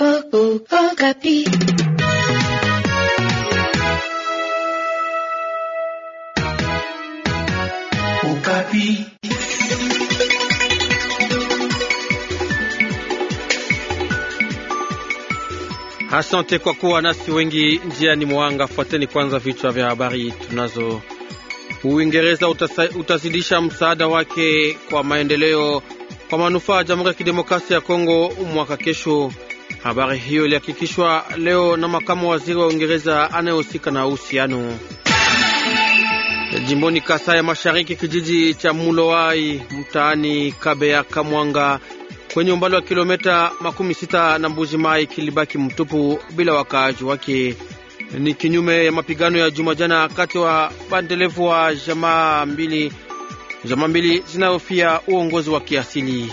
Ukapi. Asante kwa kuwa nasi wengi njiani mwanga. Fuateni kwanza vichwa vya habari tunazo. Uingereza utazidisha msaada wake kwa maendeleo kwa manufaa ya Jamhuri ya Kidemokrasia ya Kongo mwaka kesho. Habari hiyo ilihakikishwa leo na makamu waziri wa Uingereza anayehusika na uhusiano jimboni Kasai ya Mashariki, kijiji cha Mulowai mtaani Kabeya Kamwanga, kwenye umbali wa kilomita makumi sita na Mbuji Mai kilibaki mtupu bila wakaaji wake. Ni kinyume ya mapigano ya juma jana kati wa bandelevu wa jamaa mbili jamaa mbili zinayofia uongozi wa kiasili.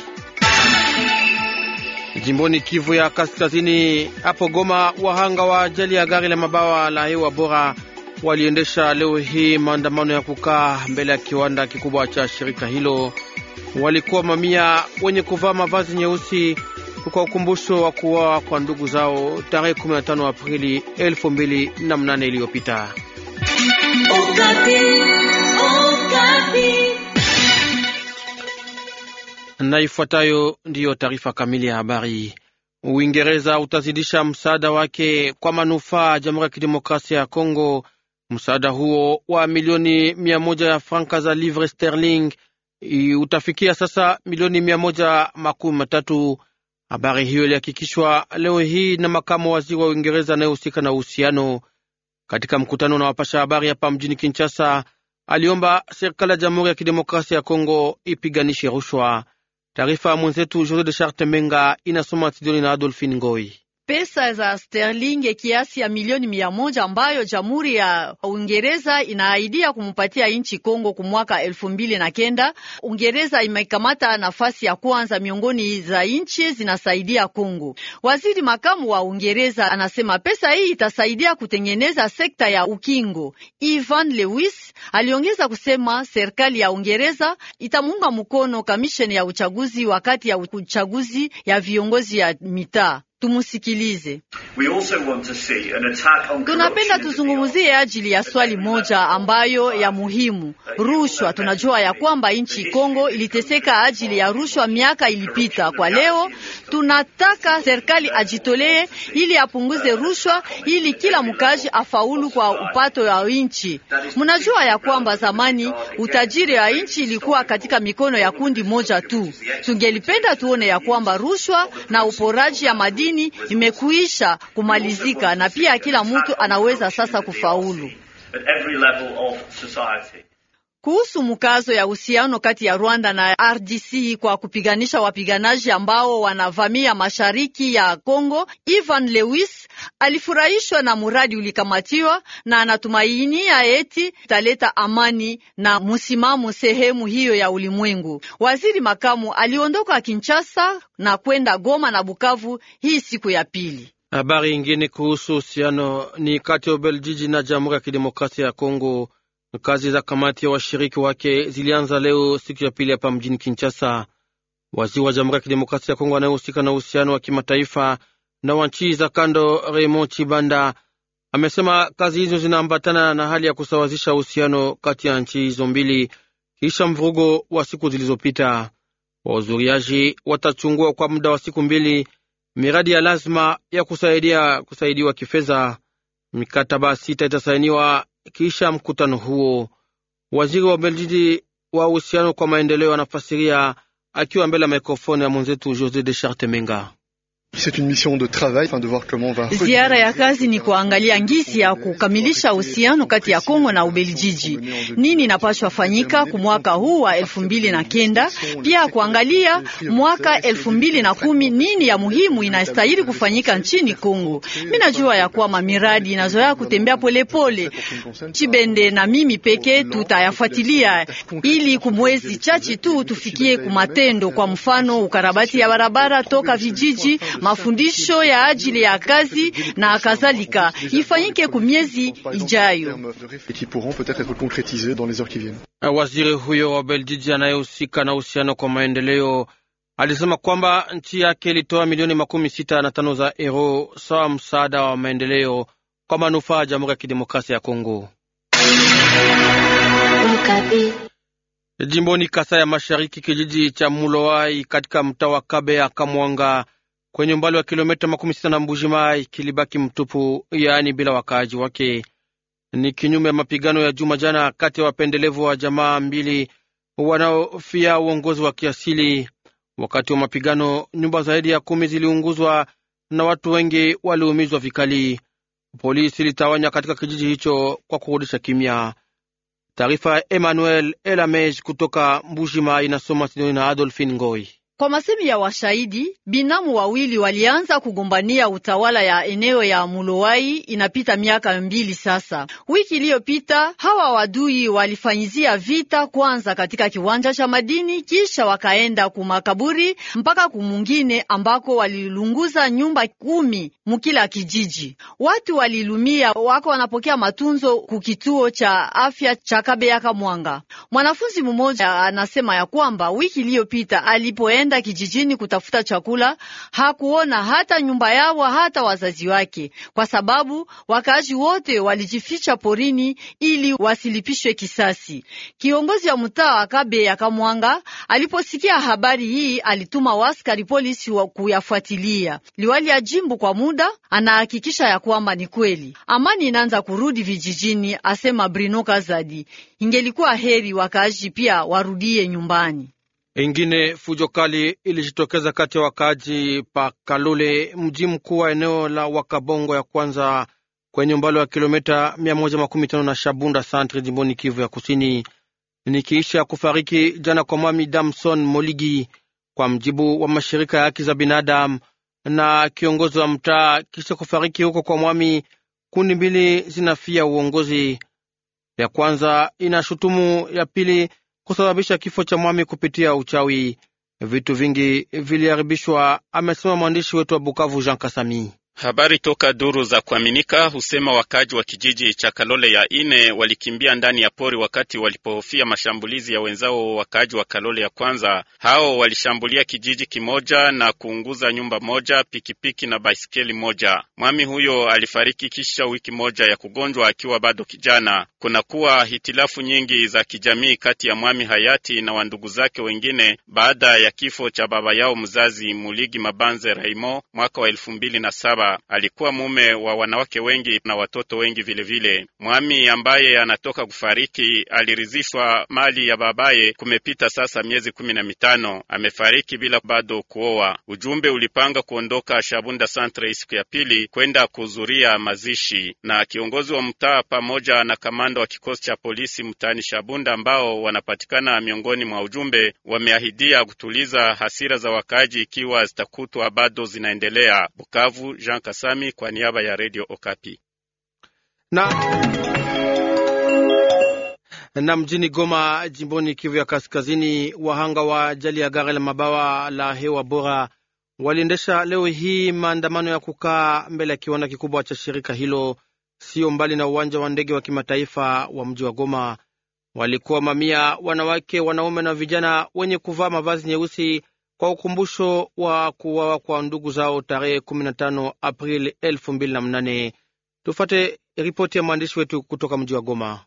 Jimboni Kivu ya Kaskazini, hapo Goma, wahanga wa ajali ya gari la mabawa la hewa bora waliendesha leo hii maandamano ya kukaa mbele ya kiwanda kikubwa cha shirika hilo. Walikuwa mamia wenye kuvaa mavazi nyeusi kwa ukumbusho wa kuwawa kwa ndugu zao tarehe 15 Aprili 2008 iliyopita. na ifuatayo ndiyo taarifa kamili ya habari. Uingereza utazidisha msaada wake kwa manufaa ya Jamhuri ya Kidemokrasia ya Kongo. Msaada huo wa milioni mia moja ya franka za livre sterling utafikia sasa milioni mia moja makumi matatu. Habari hiyo ilihakikishwa leo hii na makamu waziri wa Uingereza anayehusika na uhusiano. Katika mkutano na wapasha habari hapa mjini Kinshasa, aliomba serikali ya Jamhuri ya Kidemokrasia ya Kongo ipiganishe rushwa. Taarifa ya mwenzetu Jose de Charte Menga inasoma studioni na Adolfine Ngoi pesa za sterling kiasi ya milioni mia moja ambayo jamhuri ya Uingereza inaaidia kumpatia nchi Kongo kwa mwaka elfu mbili na kenda. Uingereza imekamata nafasi ya kwanza miongoni za nchi zinasaidia Kongo. Waziri makamu wa Uingereza anasema pesa hii itasaidia kutengeneza sekta ya ukingo. Ivan Lewis aliongeza kusema serikali ya Uingereza itamuunga mkono kamisheni ya uchaguzi wakati ya uchaguzi ya viongozi ya mitaa. Tumusikilize. Tunapenda tuzungumzie ajili ya swali moja ambayo ya muhimu, rushwa. Tunajua ya kwamba nchi Kongo iliteseka ajili ya rushwa miaka ilipita. Kwa leo tunataka serikali ajitolee ili apunguze rushwa, ili kila mkaji afaulu kwa upato wa nchi. Mnajua ya kwamba zamani utajiri wa nchi ilikuwa katika mikono ya kundi moja tu. Tungelipenda tuone ya kwamba rushwa na uporaji ya madini lakini imekuisha kumalizika, na pia kila mtu anaweza sasa kufaulu kuhusu mkazo ya uhusiano kati ya Rwanda na RDC kwa kupiganisha wapiganaji ambao wanavamia mashariki ya Kongo. Ivan Lewis alifurahishwa na muradi ulikamatiwa na anatumaini ya eti italeta amani na msimamo sehemu hiyo ya ulimwengu. Waziri makamu aliondoka Kinshasa na kwenda Goma na Bukavu hii siku ya pili. Habari ingine kuhusu uhusiano ni kati ya Ubeljiji na Jamhuri ya Kidemokrasia ya Kongo. Kazi za kamati ya washiriki wake zilianza leo siku ya pili hapa mjini Kinshasa. Waziri wa Jamhuri ya Kidemokrasia ya Kongo anayehusika na uhusiano wa kimataifa na wa nchi za kando, Raymond Chibanda amesema kazi hizo zinaambatana na hali ya kusawazisha uhusiano kati ya nchi hizo mbili kisha mvurugo wa siku zilizopita. Wahudhuriaji watachungua kwa muda wa siku mbili miradi ya lazima ya kusaidia kusaidiwa kifedha. Mikataba sita itasainiwa kisha mkutano huo, waziri wa Ubelgiji wa uhusiano kwa maendeleo anafasiria akiwa mbele ya mikrofoni ya mwenzetu Jose de Menga. Ziara ya kazi ni kuangalia ngisi ya kukamilisha uhusiano kati ya Kongo na Ubelgiji, nini inapaswa fanyika kwa mwaka huu wa elfu mbili na kenda, pia kuangalia mwaka elfu mbili na kumi nini ya muhimu inastahili kufanyika nchini Kongo. Mimi najua ya kwamba miradi inazoya kutembea polepole pole. Chibende na mimi peke tutayafuatilia ili kumwezi chachi tu tufikie kumatendo, kwa mfano ukarabati ya barabara toka vijiji mafundisho ya ajili ya kazi na kadhalika, ifanyike ku miezi ijayo. Waziri huyo wa Beljiji anayehusika na uhusiano kwa maendeleo alisema kwamba nchi yake ilitoa milioni makumi sita na tano za euro sawa msaada wa maendeleo kwa manufaa ya Jamhuri ya Kidemokrasia ya Kongo. Jimboni Kasa ya Mashariki, kijiji cha Mulowai katika mtaa wa ya Kamwanga kwenye umbali wa kilomita makumi sita na Mai kilibaki mtupu, yaani bila wakaaji wake. Ni kinyume ya mapigano ya juma jana kati ya wapendelevu wa jamaa mbili wanaofia uongozi wa kiasili. Wakati wa mapigano, nyumba zaidi ya kumi ziliunguzwa na watu wengi waliumizwa vikali. Polisi ilitawanya katika kijiji hicho kwa kurudisha kimya. Taarifa ya Emmanuel Elamej kutoka Mai inasoma Sidoni na Adolfin Ngoi. Kwa masemi ya washahidi, binamu wawili walianza kugombania utawala ya eneo ya Mulowai inapita miaka mbili sasa. Wiki iliyopita hawa wadui walifanyizia vita kwanza katika kiwanja cha madini, kisha wakaenda kumakaburi mpaka kumungine ambako walilunguza nyumba kumi mukila kijiji. Watu walilumia wako wanapokea matunzo kukituo cha afya cha Kabeyaka Mwanga. Mwanafunzi mmoja anasema ya kwamba wiki iliyopita alipoenda akaenda kijijini kutafuta chakula, hakuona hata nyumba yao hata wazazi wake, kwa sababu wakaaji wote walijificha porini ili wasilipishwe kisasi. Kiongozi wa mtaa ya kamwanga aliposikia habari hii, alituma waskari polisi wa kuyafuatilia. Liwali ya jimbo kwa muda anahakikisha ya kwamba ni kweli amani inaanza kurudi vijijini, asema Brino Kazadi. Ingelikuwa heri wakaaji pia warudie nyumbani. Ingine fujo kali ilijitokeza kati ya wakaaji pa kalule mji mkuu wa eneo la Wakabongo ya kwanza kwenye umbali wa kilomita 115 na Shabunda Santre, jimboni Kivu ya Kusini, nikiisha kufariki jana kwa Mwami Damson Moligi, kwa mjibu wa mashirika ya haki za binadamu na kiongozi wa mtaa. Kisha kufariki huko kwa Mwami, kundi mbili zinafia uongozi. Ya kwanza inashutumu ya pili kusababisha kifo cha mwami kupitia uchawi. Vitu vingi viliharibishwa, amesema mwandishi wetu wa Bukavu Jean Kasami. Habari toka duru za kuaminika husema wakaaji wa kijiji cha Kalole ya ine walikimbia ndani ya pori wakati walipohofia mashambulizi ya wenzao wakaaji wa Kalole ya kwanza. Hao walishambulia kijiji kimoja na kuunguza nyumba moja, pikipiki na baisikeli moja. Mwami huyo alifariki kisha wiki moja ya kugonjwa akiwa bado kijana. Kunakuwa hitilafu nyingi za kijamii kati ya mwami hayati na wandugu zake wengine baada ya kifo cha baba yao mzazi Muligi Mabanze Raimo mwaka wa elfu mbili na saba kwamba alikuwa mume wa wanawake wengi na watoto wengi vilevile vile. Mwami ambaye anatoka kufariki alirizishwa mali ya babaye, kumepita sasa miezi kumi na mitano, amefariki bila bado kuoa. Ujumbe ulipanga kuondoka Shabunda Santre siku ya pili kwenda kuhudhuria mazishi, na kiongozi wa mtaa pamoja na kamanda wa kikosi cha polisi mtaani Shabunda ambao wanapatikana miongoni mwa ujumbe wameahidia kutuliza hasira za wakaaji ikiwa zitakutwa bado zinaendelea. Bukavu, Jean Jean Kasami kwa niaba ya Radio Okapi na na mjini Goma, jimboni Kivu ya Kaskazini, wahanga wa ajali ya gari la mabawa la hewa bora waliendesha leo hii maandamano ya kukaa mbele ya kiwanda kikubwa cha shirika hilo, sio mbali na uwanja wa ndege wa kimataifa wa mji wa Goma. Walikuwa mamia wanawake, wanaume na vijana wenye kuvaa mavazi nyeusi kwa ukumbusho wa kuwawa kwa ndugu zao tarehe 15 Aprili 2008. Tufate ripoti ya mwandishi wetu kutoka mji wa Goma.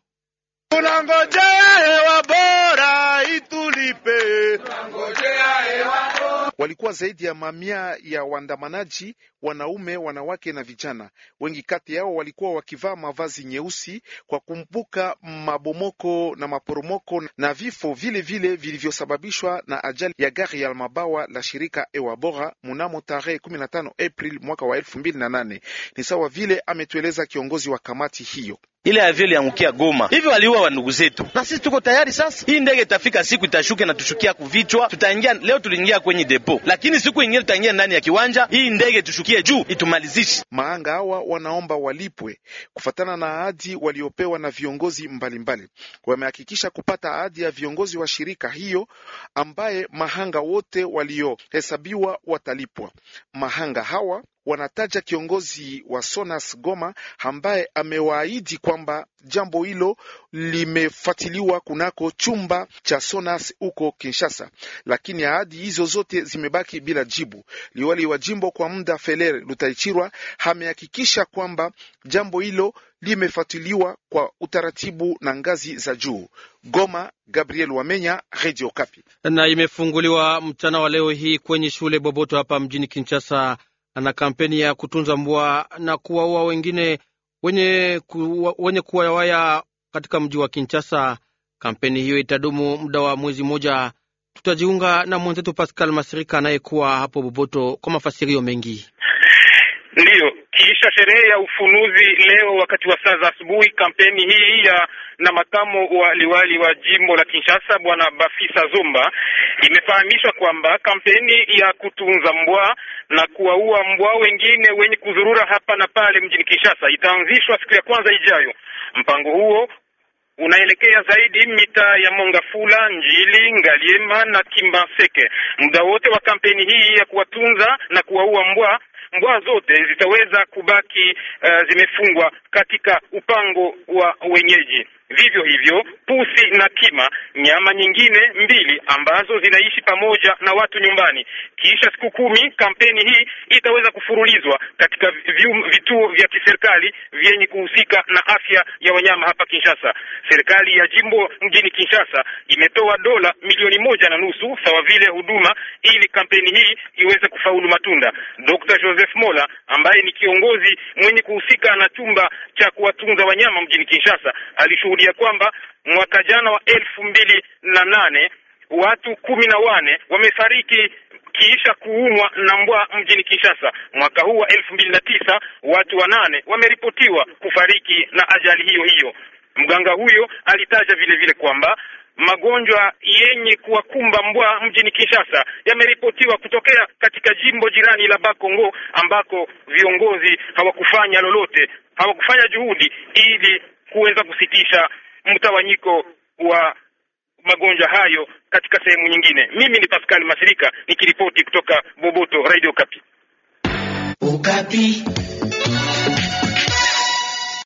Tunangojea hewa bora itulipe, tunangojea hewa Walikuwa zaidi ya mamia ya waandamanaji, wanaume, wanawake na vijana. Wengi kati yao walikuwa wakivaa mavazi nyeusi kwa kumbuka mabomoko na maporomoko na vifo vile vile vilivyosababishwa na ajali ya gari ya mabawa la shirika ewabora mnamo tarehe 15 Aprili mwaka wa 2008. Ni sawa vile ametueleza kiongozi wa kamati hiyo ile avio iliangukia Goma, hivyo waliua wa ndugu zetu, na sisi tuko tayari sasa. Hii ndege itafika siku itashuke na tushukia kuvichwa, tutaingia leo. Tuliingia kwenye depo, lakini siku ingine tutaingia ndani ya kiwanja. Hii ndege tushukie juu itumalizishe. Maanga hawa wanaomba walipwe kufatana na ahadi waliopewa na viongozi mbalimbali. Wamehakikisha kupata ahadi ya viongozi wa shirika hiyo ambaye mahanga wote waliohesabiwa watalipwa. Mahanga hawa wanataja kiongozi wa Sonas Goma ambaye amewaahidi kwamba jambo hilo limefuatiliwa kunako chumba cha Sonas huko Kinshasa, lakini ahadi hizo zote zimebaki bila jibu. Liwali wa jimbo kwa muda Feler Lutaichirwa amehakikisha kwamba jambo hilo limefuatiliwa kwa utaratibu na ngazi za juu. Goma, Gabriel Wamenya, Radio Kapi. Na imefunguliwa mchana wa leo hii kwenye shule Boboto hapa mjini Kinshasa na kampeni ya kutunza mbwa na kuwaua wengine wenye, kuwa, wenye kuwawaya katika mji wa Kinshasa. Kampeni hiyo itadumu muda wa mwezi mmoja. Tutajiunga na mwenzetu Pascal Masirika anayekuwa hapo Boboto kwa mafasirio mengi. Ndiyo, kuadhimisha sherehe ya ufunuzi leo wakati wa saa za asubuhi. Kampeni hii ya na makamu wa liwali wa jimbo la Kinshasa bwana Bafisa Zumba imefahamishwa kwamba kampeni ya kutunza mbwa na kuwaua mbwa wengine wenye kuzurura hapa na pale mjini Kinshasa itaanzishwa siku ya kwanza ijayo. Mpango huo unaelekea zaidi mitaa ya Mongafula, Njili, Ngaliema na Kimbaseke. Muda wote wa kampeni hii ya kuwatunza na kuwaua mbwa mbwa zote zitaweza kubaki uh, zimefungwa katika upango wa wenyeji. Vivyo hivyo pusi na kima, nyama nyingine mbili ambazo zinaishi pamoja na watu nyumbani. Kisha siku kumi, kampeni hii itaweza kufurulizwa katika vituo vya kiserikali vyenye kuhusika na afya ya wanyama hapa Kinshasa. Serikali ya jimbo mjini Kinshasa imetoa dola milioni moja na nusu sawa vile huduma, ili kampeni hii iweze kufaulu matunda. Dr. Joseph Mola ambaye ni kiongozi mwenye kuhusika na chumba cha kuwatunza wanyama mjini Kinshasa alishuhudia kushuhudia kwamba mwaka jana wa elfu mbili na nane watu kumi na wane wamefariki kiisha kuumwa na mbwa mjini Kinshasa. Mwaka huu wa elfu mbili na tisa watu wanane wameripotiwa kufariki na ajali hiyo hiyo. Mganga huyo alitaja vile vile kwamba magonjwa yenye kuwakumba mbwa mjini Kinshasa yameripotiwa kutokea katika jimbo jirani la Bakongo ambako viongozi hawakufanya lolote, hawakufanya juhudi ili kuweza kusitisha mtawanyiko wa magonjwa hayo katika sehemu nyingine. Mimi ni Pascal Masirika nikiripoti kutoka Boboto Radio Kapi. Ukapi.